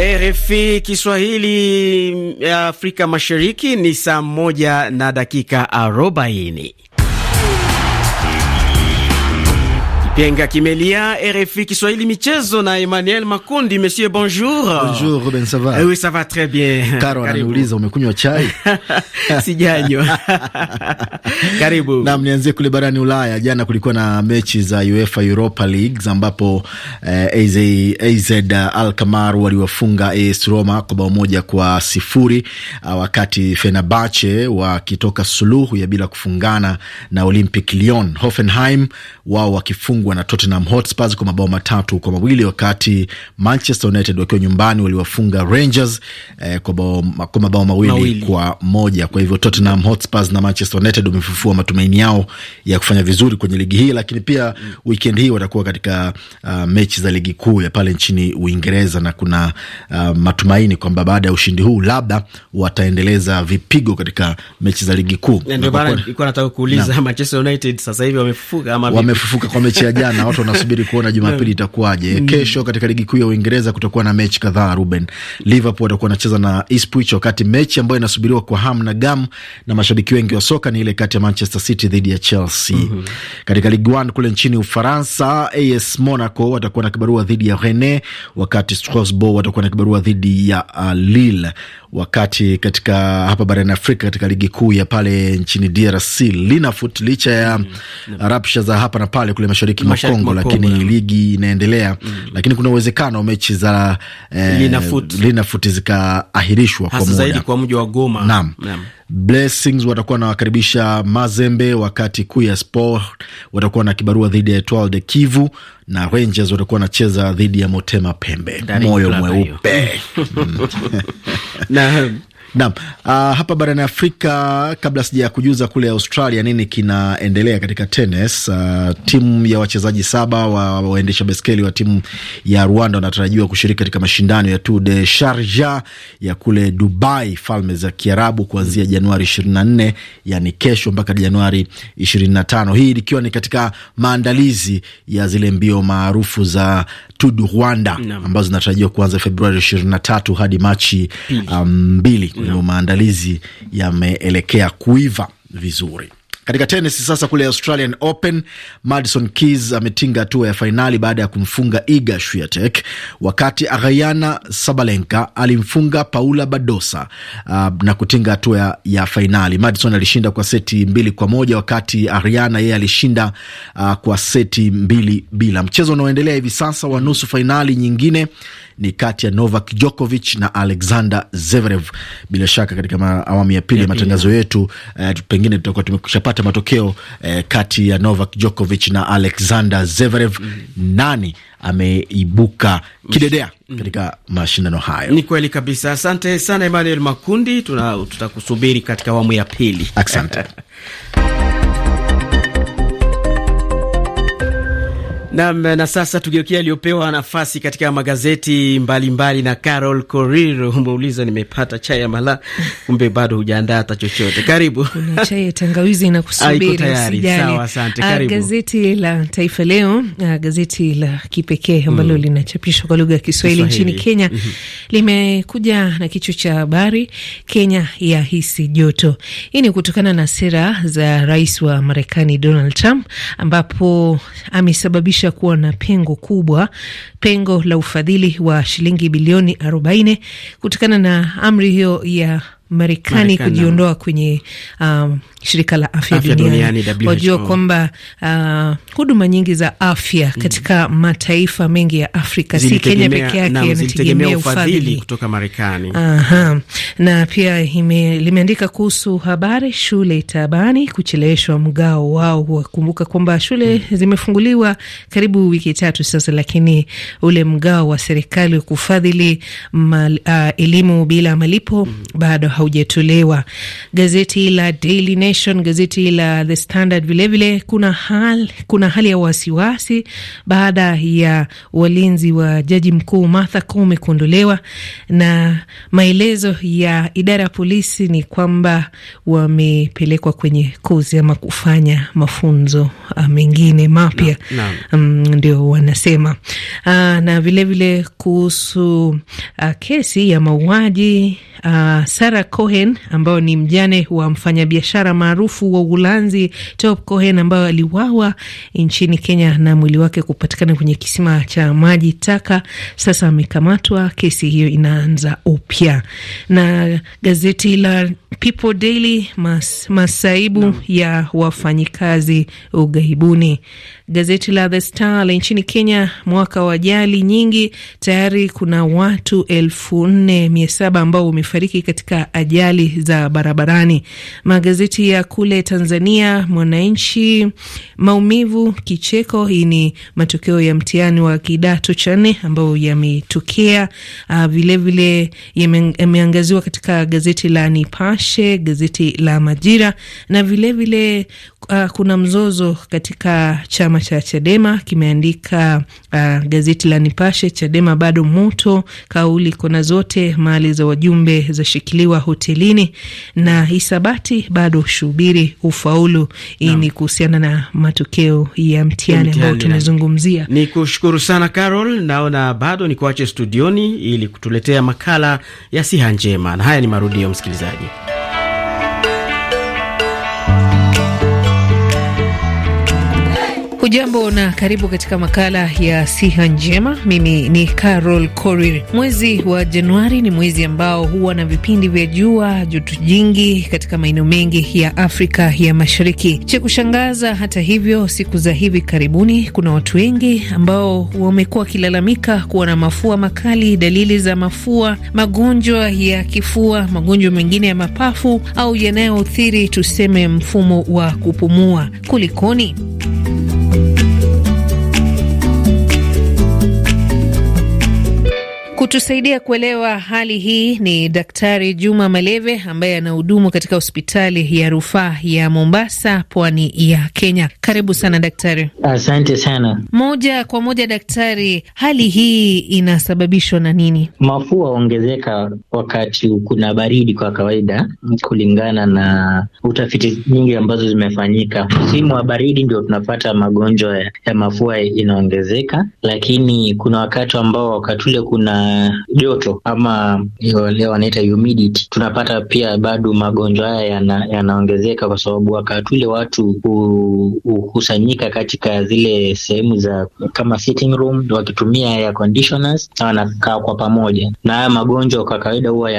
RFI Kiswahili ya Afrika Mashariki ni saa moja na dakika arobaini. Kipenga Kimelia, RFI Kiswahili Michezo na Emmanuel Makundi. Monsieur, bonjour. Bonjour, Ruben, ça va? Ah oui, ça va très bien. Karo anauliza umekunywa chai? Sijanywa. Karibu. Na mnianzie kule barani Ulaya. Jana kulikuwa na mechi za UEFA Europa League ambapo eh, AZ, AZ Alkmaar waliwafunga AS Roma kwa bao moja kwa sifuri ah, wakati Fenerbahce wakitoka suluhu ya bila kufungana na Olympic Lyon. Hoffenheim wao wakifunga walifungwa na Tottenham Hotspurs kwa mabao matatu kwa mawili wakati Manchester United wakiwa nyumbani waliwafunga Rangers eh, kwa, bao, kwa mabao mawili, mawili kwa moja. Kwa hivyo Tottenham Hotspurs na Manchester United wamefufua matumaini yao ya kufanya vizuri kwenye ligi hii, lakini pia mm, wikendi hii watakuwa katika uh, mechi za ligi kuu ya pale nchini Uingereza na kuna uh, matumaini kwamba baada ya ushindi huu labda wataendeleza vipigo katika mechi za ligi kuu. Ndio maana nilikuwa nataka kuuliza Manchester United sasa hivi wamefufuka ama wamefufuka kwa mechi ya jana, watu wanasubiri kuona Jumapili itakuwaje. Mm. Kesho katika ligi kuu ya Uingereza kutakuwa na mechi kadhaa. Ruben, Liverpool watakuwa wanacheza na Ipswich, wakati mechi ambayo inasubiriwa kwa hamu na gamu na mashabiki wengi wa soka ni ile kati ya Manchester City dhidi ya Chelsea. mm -hmm. Katika Ligue 1 kule nchini Ufaransa, AS Monaco watakuwa na kibarua dhidi ya Rennes, wakati Strasbourg watakuwa na kibarua dhidi ya uh, Lille. Wakati katika hapa barani Afrika, katika ligi kuu ya pale nchini DRC, Linafoot licha ya mm -hmm. rapsha za hapa na pale kule mashariki mashariki mwa Kongo, lakini Kongo, ligi inaendelea mm. Lakini kuna uwezekano mechi za eh, Linafoot zikaahirishwa kwa muda zaidi kwa mji wa Goma. Naam, Blessings watakuwa nawakaribisha Mazembe, wakati ya Sport watakuwa na kibarua dhidi ya Etoile de Kivu na Rangers watakuwa wanacheza dhidi ya Motema Pembe, moyo mweupe Naam, uh, hapa barani Afrika, kabla sija kujuza kule Australia nini kinaendelea katika tenis, uh, ah, timu ya wachezaji saba wa waendesha beskeli wa timu ya Rwanda wanatarajiwa kushiriki katika mashindano ya Tour de Sharjah ya kule Dubai, Falme za Kiarabu, kuanzia Januari 24 yani kesho mpaka Januari 25, hii ikiwa ni katika maandalizi ya zile mbio maarufu za Tudu Rwanda no. ambazo zinatarajiwa kuanza Februari ishirini na tatu hadi Machi um, mbili. Um, kwa hivyo no. maandalizi yameelekea kuiva vizuri. Katika tenis sasa, kule Australian Open, Madison Keys ametinga hatua ya fainali baada ya kumfunga Iga Swiatek, wakati Aryna Sabalenka alimfunga Paula Badosa uh, na kutinga hatua ya, ya fainali. Madison alishinda kwa seti mbili kwa moja wakati Aryna yeye alishinda uh, kwa seti mbili bila. Mchezo unaoendelea hivi sasa wa nusu fainali nyingine ni kati ya Novak Djokovic na Alexander Zverev. Bila shaka katika awamu ya pili ya matangazo yetu uh, pengine tutakuwa tumekushapata kupata matokeo eh, kati ya Novak Djokovic na Alexander Zverev mm. Nani ameibuka kidedea mm. katika mashindano hayo? Ni kweli kabisa. Asante sana Emmanuel Makundi, tutakusubiri katika awamu ya pili. Asante. Nam, na sasa tugeukia aliyopewa nafasi katika magazeti mbalimbali mbali. Na Carol Korir, umeuliza nimepata chai ya mala, kumbe bado hujaandaa hata chochote. Karibu, kuna chai ya tangawizi inakusubiri. Sawa, asante. Ah, Karibu. Gazeti la Taifa Leo, ah, gazeti la kipekee ambalo mm. linachapishwa kwa lugha ya Kiswahili nchini Kenya mm -hmm. limekuja na kichwa cha habari, Kenya ya hisi joto. Hii ni kutokana na sera za rais wa Marekani Donald Trump ambapo amesababisha kisha kuwa na pengo kubwa, pengo la ufadhili wa shilingi bilioni 40 kutokana na amri hiyo ya Marekani kujiondoa kwenye um, shirika la afya, afya duniani. Wajua kwamba uh, huduma nyingi za afya mm. katika mm, mataifa mengi ya Afrika si Kenya peke yake yanategemea ufadhili kutoka Marekani. Aha. Na pia hime, limeandika kuhusu habari shule tabani kucheleweshwa mgao wao. Wakumbuka kwamba shule mm, zimefunguliwa karibu wiki tatu sasa, lakini ule mgao wa serikali wa kufadhili uh, elimu bila malipo mm, bado haujatolewa. Gazeti la Daily Nation, gazeti la The Standard vilevile, kuna hali, kuna hali ya wasiwasi baada ya walinzi wa jaji mkuu Martha Koome kuondolewa, na maelezo ya idara ya polisi ni kwamba wamepelekwa kwenye kozi ama kufanya mafunzo ah, mengine mapya mm, ndio wanasema aa, ah, na vilevile kuhusu uh, kesi ya mauaji uh, Sara Cohen ambao ni mjane wa mfanyabiashara maarufu wa Uholanzi Top Cohen ambayo aliwawa nchini Kenya na mwili wake kupatikana kwenye kisima cha maji taka. Sasa amekamatwa, kesi hiyo inaanza upya. Na gazeti la People Daily mas, masaibu no. ya wafanyikazi ughaibuni. Gazeti la The Star la nchini Kenya, mwaka wa ajali nyingi tayari kuna watu elfu nne mia saba ambao wamefariki katika ajali za barabarani. Magazeti ya kule Tanzania, Mwananchi, maumivu, kicheko. Hii ni matokeo ya mtihani wa kidato cha nne ambayo yametokea. Vilevile ah, yameangaziwa katika gazeti la Nipashe, gazeti la Majira na vilevile vile uh, kuna mzozo katika chama cha Chadema, kimeandika uh, gazeti la Nipashe. Chadema bado moto, kauli kona zote, mali za wajumbe zashikiliwa hotelini, na hisabati bado shubiri ufaulu. Hii ni kuhusiana na matokeo ya mtihani ambayo tumezungumzia. Ni kushukuru sana Carol, naona bado ni kuache studioni ili kutuletea makala ya siha njema, na haya ni marudio msikilizaji. Hujambo na karibu katika makala ya siha njema. Mimi ni Carol Korir. Mwezi wa Januari ni mwezi ambao huwa na vipindi vya jua joto jingi katika maeneo mengi ya Afrika ya Mashariki. Cha kushangaza, hata hivyo, siku za hivi karibuni kuna watu wengi ambao wamekuwa wakilalamika kuwa na mafua makali, dalili za mafua, magonjwa ya kifua, magonjwa mengine ya mapafu au yanayoathiri tuseme mfumo wa kupumua. Kulikoni? Kutusaidia kuelewa hali hii ni Daktari Juma Maleve ambaye anahudumu katika hospitali ya rufaa ya Mombasa, pwani ya Kenya. Karibu sana daktari. Asante sana. Moja kwa moja daktari, hali hii inasababishwa na nini? Mafua huongezeka wakati kuna baridi kwa kawaida, kulingana na utafiti nyingi ambazo zimefanyika. Msimu wa baridi ndio tunapata magonjwa ya mafua inaongezeka, lakini kuna wakati ambao wakati ule kuna joto ama hiyo leo wanaita humidity, tunapata pia bado magonjwa haya yanaongezeka, kwa sababu wakati ule watu hukusanyika katika zile sehemu za kama sitting room, wakitumia air conditioners na wanakaa kwa pamoja, na haya magonjwa kwa kawaida huwa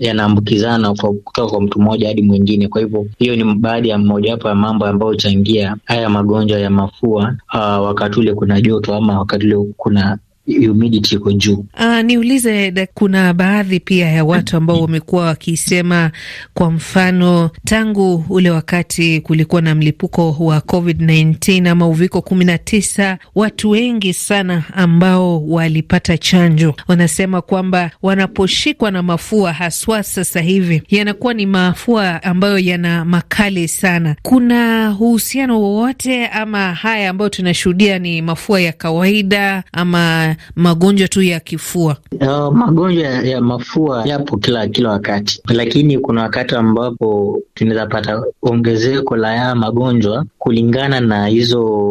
yanaambukizana yana kutoka kwa mtu mmoja hadi mwingine. Kwa hivyo hiyo ni baadhi ya mmojawapo ya mambo ambayo huchangia haya magonjwa ya mafua uh, wakati ule kuna joto ama wakati ule kuna humidity iko juu. Uh, niulize kuna baadhi pia ya watu ambao wamekuwa wakisema, kwa mfano tangu ule wakati kulikuwa na mlipuko wa COVID-19 ama uviko kumi na tisa, watu wengi sana ambao walipata chanjo wanasema kwamba wanaposhikwa na mafua haswa sasa hivi yanakuwa ni mafua ambayo yana makali sana. Kuna uhusiano wowote ama haya ambayo tunashuhudia ni mafua ya kawaida ama magonjwa tu ya kifua? Uh, magonjwa ya mafua yapo kila kila wakati, lakini kuna wakati ambapo tunaweza pata ongezeko la haya magonjwa kulingana na hizo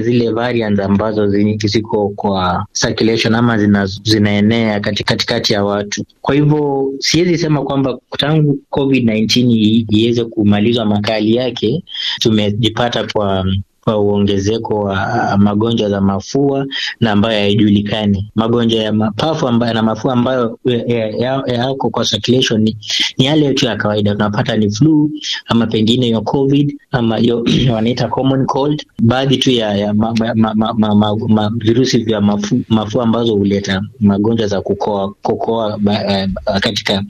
zile variants ambazo ziko kwa circulation ama zina, zinaenea katikati kati ya watu. Kwa hivyo siwezi sema kwamba tangu COVID-19 iweze kumalizwa makali yake tumejipata kwa uongezeko wa magonjwa za mafua na ambayo hayajulikani. Magonjwa ya mapafu ambayo, na mafua ambayo e, e, yako kwa circulation ni, ni yale tu ya kawaida tunapata ni flu ama pengine ya covid ama yo, wanaita common cold, baadhi tu ya, ya ma, ma, ma, ma, ma, ma, virusi vya mafu, mafua ambazo huleta magonjwa za kukoa, kukoa e, katika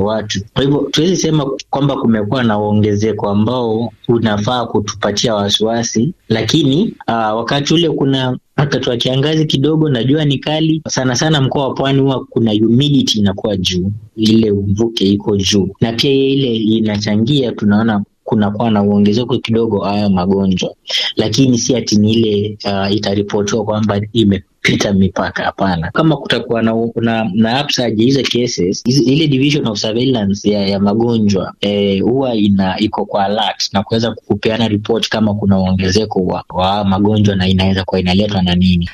watu. Kwa hivyo tuwezi sema kwamba kumekuwa na uongezeko ambao unafaa kutupatia wasiwasi kiasi, lakini uh, wakati ule kuna wakati wa kiangazi kidogo na jua ni kali sana sana. Mkoa wa Pwani huwa kuna humidity inakuwa juu, ile mvuke iko juu, na pia ile inachangia tunaona kunakuwa na uongezeko kidogo haya magonjwa, lakini si ati ni ile uh, itaripotiwa kwamba ime kupita mipaka, hapana. Kama kutakuwa na, na, na upsurge hizo cases, ile division of surveillance ya, ya magonjwa huwa eh, huwa ina iko kwa alert na kuweza kupeana ripoti kama kuna uongezeko wa, wa magonjwa na inaweza kuwa inaletwa na nini.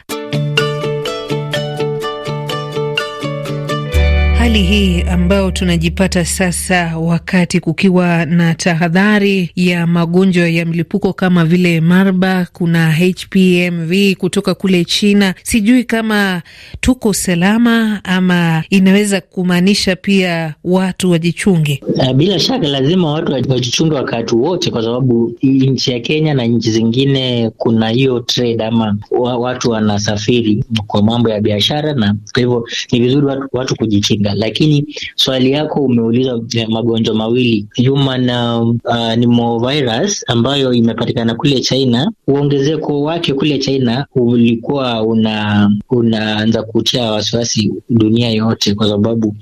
hali hii ambayo tunajipata sasa, wakati kukiwa na tahadhari ya magonjwa ya mlipuko kama vile marba kuna HPMV kutoka kule China, sijui kama tuko salama ama inaweza kumaanisha pia watu wajichunge. Eh, bila shaka lazima watu wajichunge wakati wote, kwa sababu nchi ya Kenya na nchi zingine kuna hiyo trade ama watu wanasafiri kwa mambo ya biashara, na kwa hivyo ni vizuri watu, watu kujikinga lakini swali yako umeuliza eh, magonjwa mawili human uh, ah, pneumovirus ambayo imepatikana kule China. Uongezeko wake kule China ulikuwa una unaanza kutia wasiwasi dunia yote, kwa sababu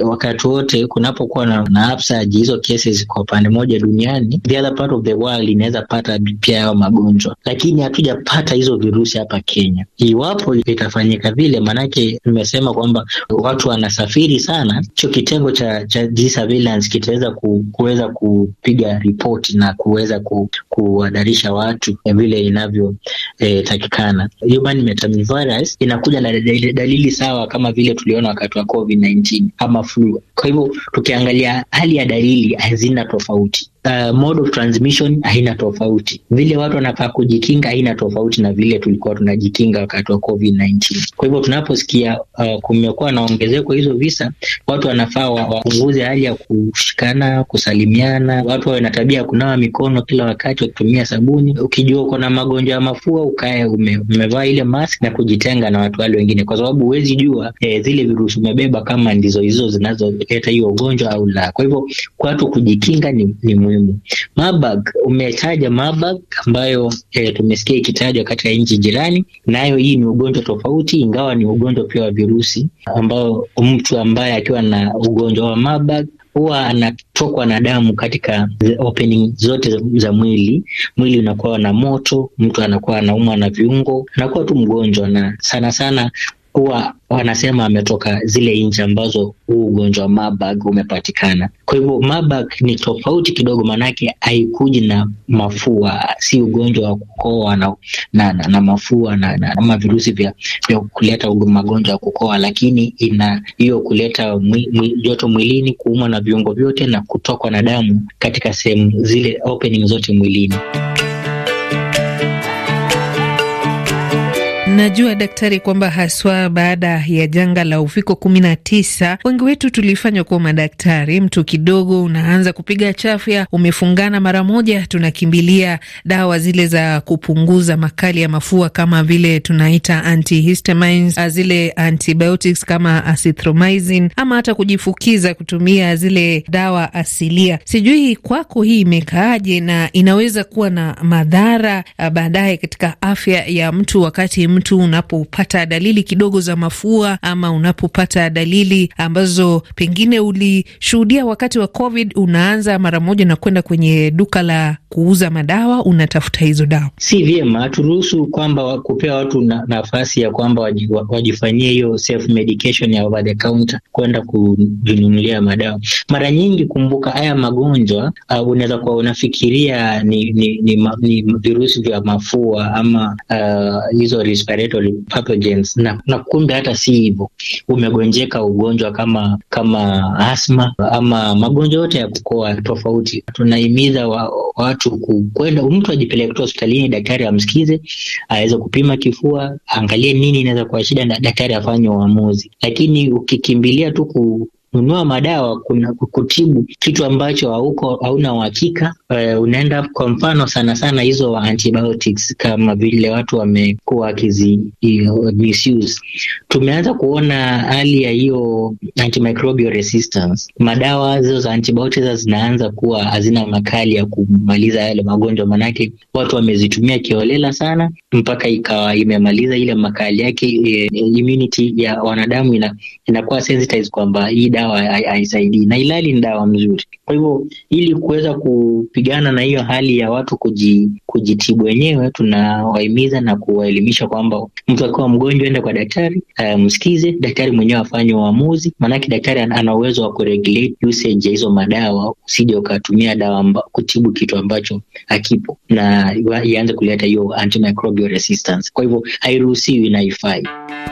uh, wakati wote kunapokuwa na, na upsurge hizo cases kwa upande moja duniani, the other part of the world inaweza pata pia yao magonjwa, lakini hatujapata hizo virusi hapa Kenya. Iwapo itafanyika vile, maanake nimesema kwamba watu wanasafiri kusafiri sana, hicho kitengo cha, cha surveillance kitaweza ku, kuweza kupiga ripoti na kuweza kuwadharisha watu vile inavyotakikana. Eh, human metapneumovirus inakuja na dalili sawa kama vile tuliona wakati wa COVID-19 ama flu. Kwa hivyo tukiangalia hali ya dalili hazina tofauti uh, mode of transmission haina tofauti. Vile watu wanafaa kujikinga haina tofauti na vile tulikuwa tunajikinga wakati wa COVID-19. Kwa hivyo tunaposikia uh, kumekuwa na ongezeko hizo visa, watu wanafaa wapunguze hali ya kushikana, kusalimiana, watu wawe na tabia ya kunawa mikono kila wakati wakitumia sabuni. Ukijua uko na magonjwa ya mafua, ukae ume, umevaa ile mask na kujitenga na watu wale wengine, kwa sababu huwezi jua eh, zile virusi umebeba kama ndizo hizo zinazoleta hiyo ugonjwa au la. Kwa hivyo watu kujikinga ni, ni muhimu. Mabag, umetaja mabag ambayo eh, tumesikia ikitajwa katika nchi jirani, nayo hii ni ugonjwa tofauti, ingawa ni ugonjwa pia wa virusi ambao mtu ambaye akiwa na ugonjwa wa mabag huwa anatokwa na damu katika opening zote za mwili. Mwili unakuwa na moto, mtu anakuwa anaumwa na viungo, anakuwa tu mgonjwa, na sana sana huwa wanasema ametoka zile nchi ambazo huu ugonjwa wa Marburg umepatikana. Kwa hivyo Marburg ni tofauti kidogo, maanake haikuji na mafua, si ugonjwa wa kukoa na, na, na, na mafua na, na, ama virusi vya, vya kuleta magonjwa ya kukoa, lakini ina hiyo kuleta mwi, mwi, joto mwilini, kuumwa na viungo vyote na kutokwa na damu katika sehemu zile opening zote mwilini. Najua daktari, kwamba haswa baada ya janga la uviko kumi na tisa wengi wetu tulifanywa kuwa madaktari. Mtu kidogo unaanza kupiga chafya, umefungana, mara moja tunakimbilia dawa zile za kupunguza makali ya mafua kama vile tunaita antihistamines, zile antibiotics kama azithromycin, ama hata kujifukiza kutumia zile dawa asilia. Sijui kwako hii imekaaje na inaweza kuwa na madhara baadaye katika afya ya mtu wakati mtu tu unapopata dalili kidogo za mafua ama unapopata dalili ambazo pengine ulishuhudia wakati wa COVID, unaanza mara moja na kwenda kwenye duka la kuuza madawa, unatafuta hizo dawa. Si vyema, turuhusu kwamba kupea watu na, nafasi ya kwamba wajifanyie hiyo self medication ya over the counter kwenda kujinunulia madawa. Mara nyingi, kumbuka haya magonjwa uh, unaweza kuwa unafikiria ni, ni, ni, ni, ni virusi vya mafua ama uh, hizo uh, pathogens na, na kumbe hata si hivyo, umegonjeka ugonjwa kama kama asma ama magonjwa yote ya kukoa tofauti. Tunahimiza wa, watu kwenda, mtu ajipeleke tu hospitalini, daktari amsikize, aweze kupima kifua, angalie nini inaweza kuwa shida, na daktari afanye uamuzi. Lakini ukikimbilia tu kununua madawa kuna kutibu kitu ambacho hauko hauna uhakika. Uh, unaenda kwa mfano sana sana hizo antibiotics kama vile watu wamekuwa wakizi eh, misuse. Tumeanza kuona hali ya hiyo antimicrobial resistance, madawa hizo za antibiotics zinaanza kuwa hazina makali ya kumaliza yale magonjwa, manake watu wamezitumia kiolela sana mpaka ikawa imemaliza ile makali yake. Eh, immunity ya wanadamu inakuwa ina sensitized kwamba hii dawa haisaidii, na ilali ni dawa mzuri. Kwa hivyo ili kuweza kupigana na hiyo hali ya watu kuji, kujitibu wenyewe, tunawahimiza na kuwaelimisha kwamba mtu akiwa mgonjwa enda kwa daktari, eh, msikize daktari mwenyewe afanye uamuzi, maanake daktari ana uwezo wa kuregulate usage ya hizo madawa, usije ukatumia dawa mba, kutibu kitu ambacho akipo na ianze kuleta hiyo antimicrobial resistance. Kwa hivyo hairuhusiwi na haifai.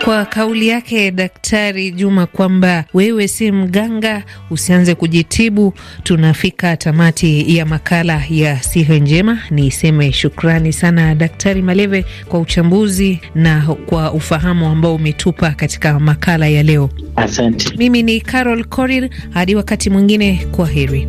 Kwa kauli yake Daktari Juma kwamba wewe si mganga, usianze kujitibu. Tunafika tamati ya makala ya siha njema. Niseme shukrani sana Daktari Maleve kwa uchambuzi na kwa ufahamu ambao umetupa katika makala ya leo. Asante. Mimi ni Carol Korir, hadi wakati mwingine, kwa heri.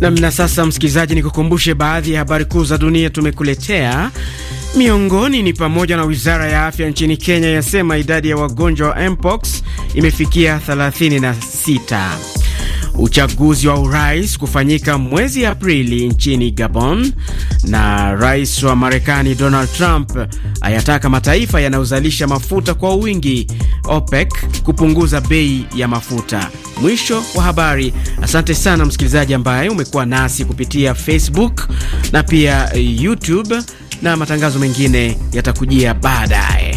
Namna sasa, msikilizaji, nikukumbushe baadhi ya habari kuu za dunia tumekuletea. Miongoni ni pamoja na wizara ya afya nchini Kenya yasema idadi ya wagonjwa wa mpox imefikia 36 uchaguzi wa urais kufanyika mwezi Aprili nchini Gabon, na rais wa Marekani Donald Trump ayataka mataifa yanayozalisha mafuta kwa wingi OPEC kupunguza bei ya mafuta. Mwisho wa habari. Asante sana msikilizaji ambaye umekuwa nasi kupitia Facebook na pia YouTube, na matangazo mengine yatakujia baadaye.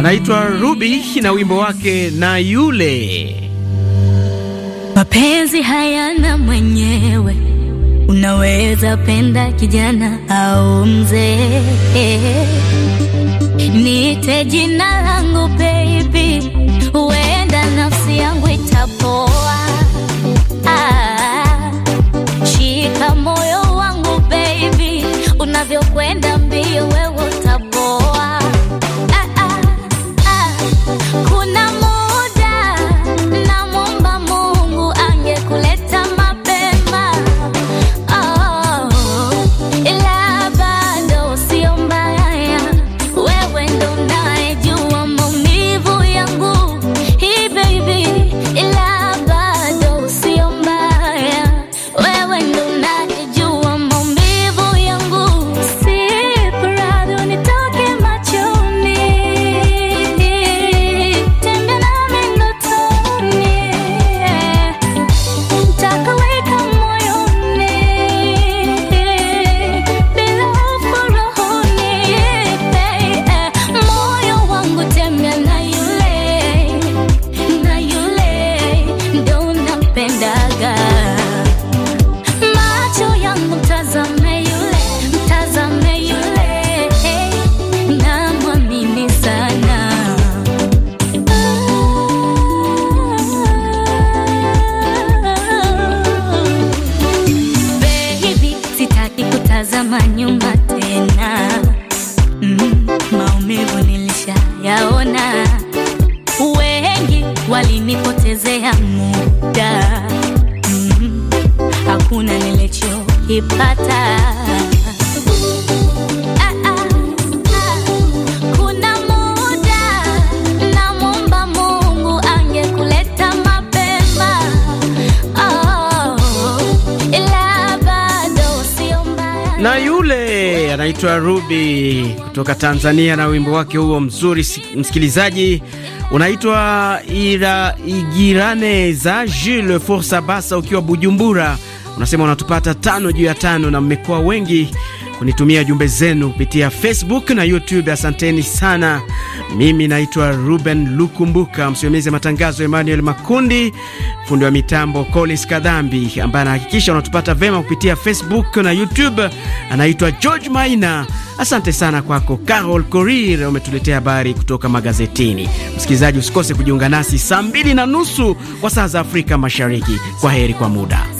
anaitwa Ruby na wimbo wake na yule. Mapenzi hayana mwenyewe, unaweza penda kijana au mzee. Niite jina langu baby, huenda nafsi yangu itapoa. Ah, shika moyo wangu baby, unavyokwenda mbio wewe kama nyuma tena mm, maumivu nilishayaona, wengi walinipotezea muda mm, hakuna nilichokipata anaitwa Ruby kutoka Tanzania na wimbo wake huo mzuri, msikilizaji, unaitwa Ira igirane za Jules Forsa Basa, ukiwa Bujumbura unasema unatupata tano juu ya tano na mmekuwa wengi kunitumia jumbe zenu kupitia Facebook na YouTube. Asanteni sana. Mimi naitwa Ruben Lukumbuka, msimamizi wa matangazo Emmanuel Makundi, fundi wa mitambo Collins Kadhambi ambaye anahakikisha unatupata vema kupitia Facebook na YouTube, anaitwa George Maina. Asante sana kwako Carol Korir, umetuletea habari kutoka magazetini. Msikilizaji, usikose kujiunga nasi saa mbili na nusu kwa saa za Afrika Mashariki. Kwa heri kwa muda.